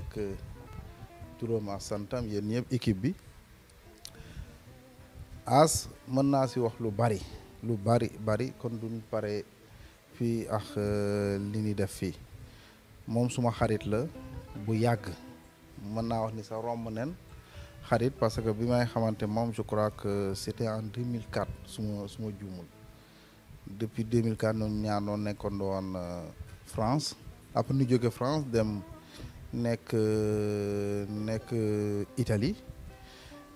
nekk turam ak santam yéen ñëpp équipe bi as mën naa si wax lu bari lu bari bari kon duñ pare fii ak ah, li ñuy def fii moom suma xarit la bu yàgg mën naa wax ni sa romb nen xarit parce que bi may xamante moom je crois que c'était en 2004 suma suma juumul depuis 2004 ñun ñaar noo nekkoon doon euh, France après ñu jóge France dem nek nek Italie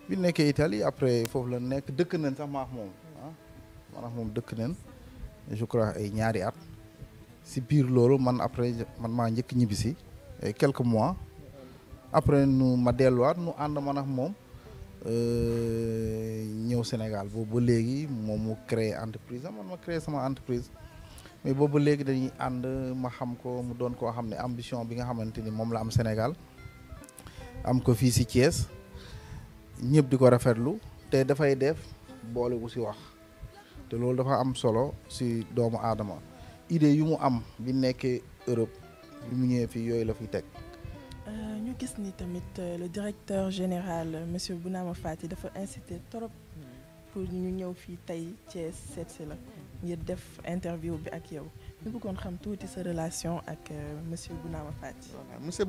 bi nekkee Italie après foofu la nek dëkk nañ sax maax moom ah maanaam moom dëkk nañ je crois ay ñaari at si biir loolu man après man ma ñëk ñibbi si ay quelques mois après nous ma delluwaat nous and man ak euh ñëw Sénégal bo ba léegi moom mu entreprise man ma créer sama entreprise mais bobu léegi dañuy and ma xam ko mu doon ko xamné ambition bi nga xamanteni mom la am Sénégal am ko fi ci Thiès ñëpp diko ko té da fay def bolé wu ci wax té loolu dafa am solo ci doomu adama idée yu mu am bi nekké Europe bi mu ñëw fi yoy la fi teg. Euh, ñu gis ni tamit euh, le directeur général monsieur Bounama Fati dafa inciter trop pour ñu ñëw fi tay Thiès seet la ngir def interview bi ak yow bëggoon xam sa relation ak euh, monsieur Bouna monsieur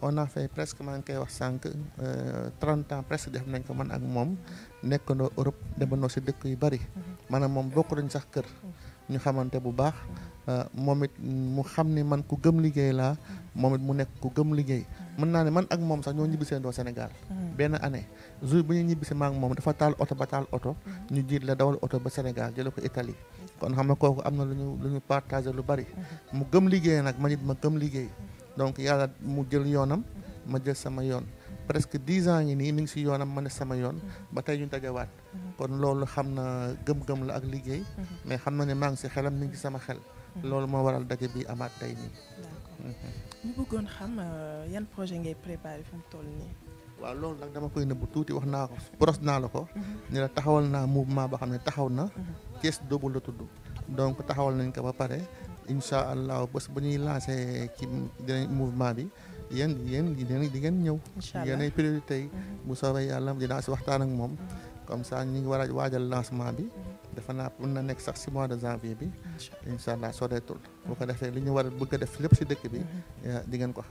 on a fait presque maa euh, ans presque def nañ ko man ak moom nekkandoo Europe demandoo si dëkk yu bari. Mhm. sax mhm. Euh, moom it mu xam ni man ku gëm liggéey laa moom it mu nekk ku gëm liggéey mën naa ne man ak moom sax ñoo ñibbisee doo Sénégal mm-hmm. benn année jour bi ñu ñibbisee maa moom dafa taal oto ba taal oto ñu jiit la dawal oto ba Sénégal jële ko Italie kon xam nga kooku am na lu ñu lu ñu partagé lu bari mm-hmm. mu gëm liggéey nag ma it ma gëm liggéey donc yàlla mu jël yoonam ma jël sama yoon presque dix ans yi nii mi ngi si yoonam ma ne sama yoon mm-hmm. ba tey ñu dajawaat kon loolu xam na gëm-gëm la ak liggéey mais xam na ne maa ngi si xelam mi ngi sama xel Mm-hmm. loolu moo waral daje bi amaat tey nii. Mm-hmm. ñu bëggoon xam euh, yan projet ngay préparé fi toll nii. waaw loolu nag dama koy nëbbu tuuti wax naa ko boros naa la ko. Mm-hmm. ni la taxawal naa mouvement boo xam ne taxaw na. kees doobu la tudd. donc taxawal nañ ko ba pare. incha allah bés bu ñuy lancé ci dinañ mouvement bi. yéen yéen di ngeen ñëw. incha allah yéenay priorité bu soobee yàlla dinaa si waxtaan ak moom. comme ça ñu ngi war a waajal lancement bi. defe naa mën na sax si mois de janvier bi incha allah soreetul bu ko defee li ñu war a bi mm-hmm. di ngeen